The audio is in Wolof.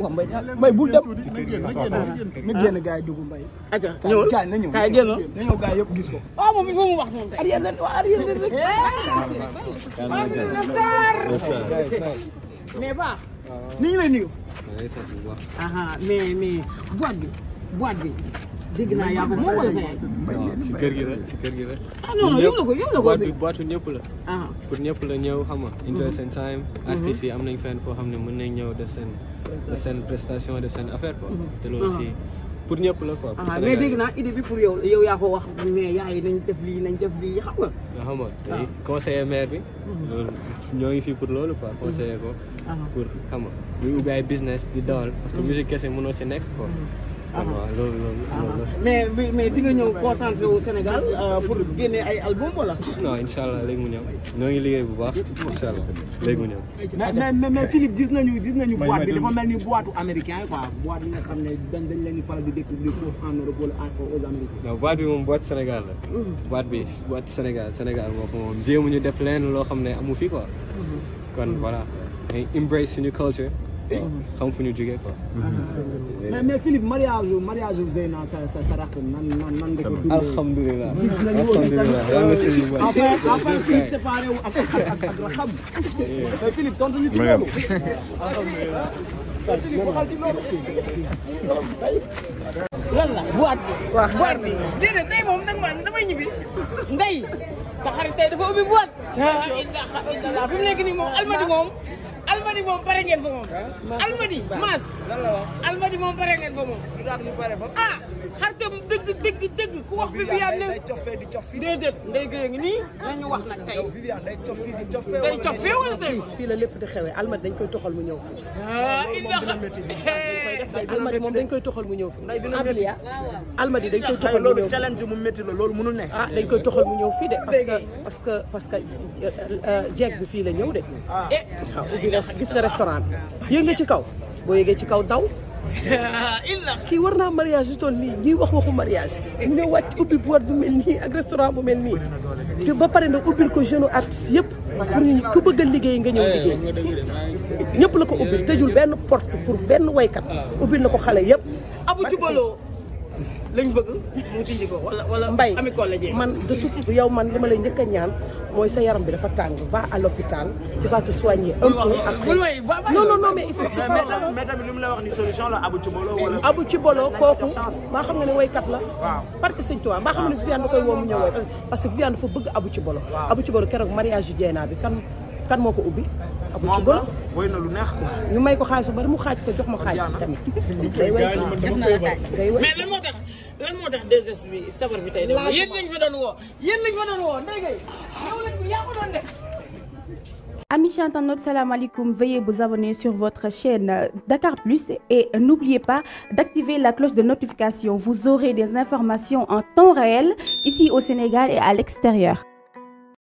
waaw mbay ah, mbay bul dem na génn gars yi dugg mbay aca ñëwal kaay na ñëw kaay génn na ñëw gars yëpp gis ko waaw ah, moom il faut mu wax moom tey arrière waaw arrière rek mais ba ni ñu lay nuyu mais mais boîte bi boîte bi dégg naa yaa ko moom si kër gi la si kër gi la. ah non non yow la ko yow la ko ñëpp la. Ah. pour ñëpp la ñëw xam nga. enjoy mhm. mhm. seen am nañ fenn foo xam ne mën nañ ñëw def seen. def seen prestation def seen affaire quoi. Mhm. te loolu ah. pour ñëpp la quoi. Ah, dégg naa idée bi pour yow yow yaa ko wax mais yaay nañ def nañ def lii xam nga. nga xam nga conseiller bi. loolu ñoo ngi fii pour loolu quoi conseiller ko. pour xam nga muy ubbi business di dawal parce que musique kese mënoo si nekk quoi. loolu loolu mais mais di nga ñëw concentré au Sénégal euh, pour génne ay album wala. non incha allah léegi mu ñëw ñoo ngi liggéey bu baax incha allah léegi mu ñëw. mais mais mais Philippe gis nañu gis nañu boîte bi dafa mel ni boîte américain quoi boîte bi nga xam ne dañ dañ leen di faral di découvrir foofu en Europe wala aux Amériques. non boîte bi moom boîte Sénégal la. Mm. boîte bi boîte Sénégal Sénégal moo ko moom jéemuñu def leen loo xam ne amu fi quoi. Mm-hmm. kon voilà. dañuy embrace suñu culture. xam fu ñu jógee quoi. mais mais Philippe mariage yu mariage yu Zeyna sa sa sa rakk nan nan nan nga ko dundee. alhamdulilah alhamdulilah yal na sëñ bi waay. après Philippe séparé wu ak ak ak xam. mais Philippe tontu ñu ci loolu. alhamdulilah. Philippe waxal ci loolu. lan la bu waat bi. waaw xaar bi déedéet tey moom nag man damay ñibbi. ndey sa xarit tey dafa ubbi bu waat. ah incha allah fi mu nekk nii moom almadi moom. almadi moom pare ngeen fa moom. almadi maas. lan la wax almadi moom pare ngeen fa moom. ah xaritam dëgg dëgg dëgg ku wax Viviane ne. déedéet ndey gëy ngi nii nañu wax nag tey. day cof fii wala tey. fii la lépp di xewee almadi dañ koy toxal mu ñëw. ah almadi moom dañ koy toxal mu ñëw fi Ablia almadi dañ koy toxal mu ñëw challenge loolu mënul ne ah dañ koy toxal mu ñëw fii de parce que parce que euh, euh, jeeg bi fii la ñëw de ah. eh, waaw ubbi nga gis nga restaurant bi yéeg ci kaw boo yéegee ci kaw daw kii war naa mariage yu toll nii wax waxu mariage mu ne wàcc ubbi boîte bu mel nii ak restaurant bu mel nii te ba pare nag ubbil ko jeune artiste yëpp pour ñu ku bëgg liggéey nga ñëw liggéey ñëpp la ko ubbil tëjul benn porte pour benn waykat ubbil na ko xale yëpp. Abu Jubalo lañu bëgg mu ko wala wala. mbay man de tout yow man li ma lay njëkk a ñaan mooy sa yaram bi dafa tàng va à l'hôpital tu vas te soigner un peu après non non non mais il faut que tu tamit li mu la wax ni solution la Abou Cibolo wala. Abou Cibolo kooku maa xam nga ne woykat la. waaw parce que sëñ Tuubaa maa xam nga ne Viviane da koy woo mu ñëw parce que Viviane dafa bëgg Abou Cibolo. waaw Abou Cibolo keroog mariage yu Dieyna bi kan. kan moo ko ubbi. lu neex. ñu may ko xaalis bu bari mu xaaj ko jox ma xaaj tamit. day way mais lan moo tax lan moo tax 2S bi sabar bi tey. laaj yéen lañ fa doon woo yéen lañ fa doon woo ndey ko doon def. Amis chers internautes, abonner sur votre chaîne Dakar Plus et n'oubliez pas d'activer la cloche de notification. Vous aurez des informations en temps réel ici au Sénégal et à l'extérieur.